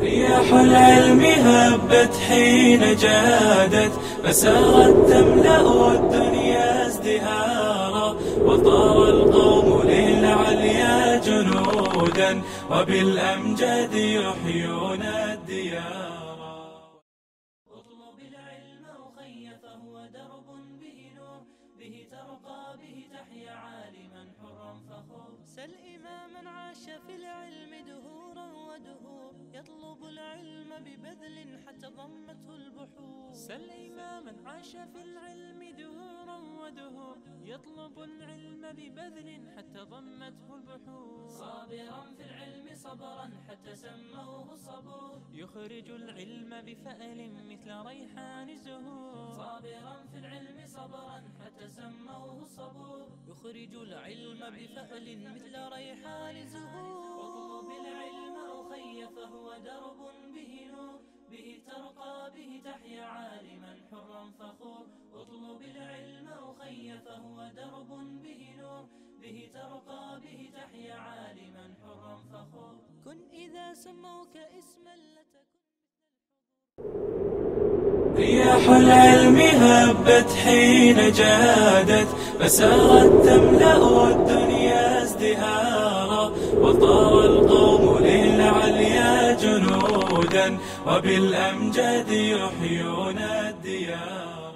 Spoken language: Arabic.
رياح العلم هبت حين جادت فسارت تملأ الدنيا ازدهارا وطار القوم للعليا جنودا وبالأمجاد يحيون الديار اطلب العلم أخي فهو درب به نور به ترقى به تحيا عالما حرا فخور سل إماما عاش في العلم دهورا ودهورا ببذل حتى ضمته البحور سل إماما عاش في العلم دهورا ودهور يطلب العلم ببذل حتى ضمته البحور صابرا في العلم صبرا حتى سموه صبور يخرج العلم بفأل مثل ريحان الزهور صابرا في العلم صبرا حتى سموه صبور يخرج العلم بفأل مثل ريحان الزهور واطلب العلم أخي فهو درب به فهو درب به نور به ترقى به تحيا عالما حرا فخور كن إذا سموك اسما لتكن رياح العلم هبت حين جادت فسارت تملأ الدنيا ازدهارا وطار القوم للعليا جنودا وبالأمجاد يحيون الديار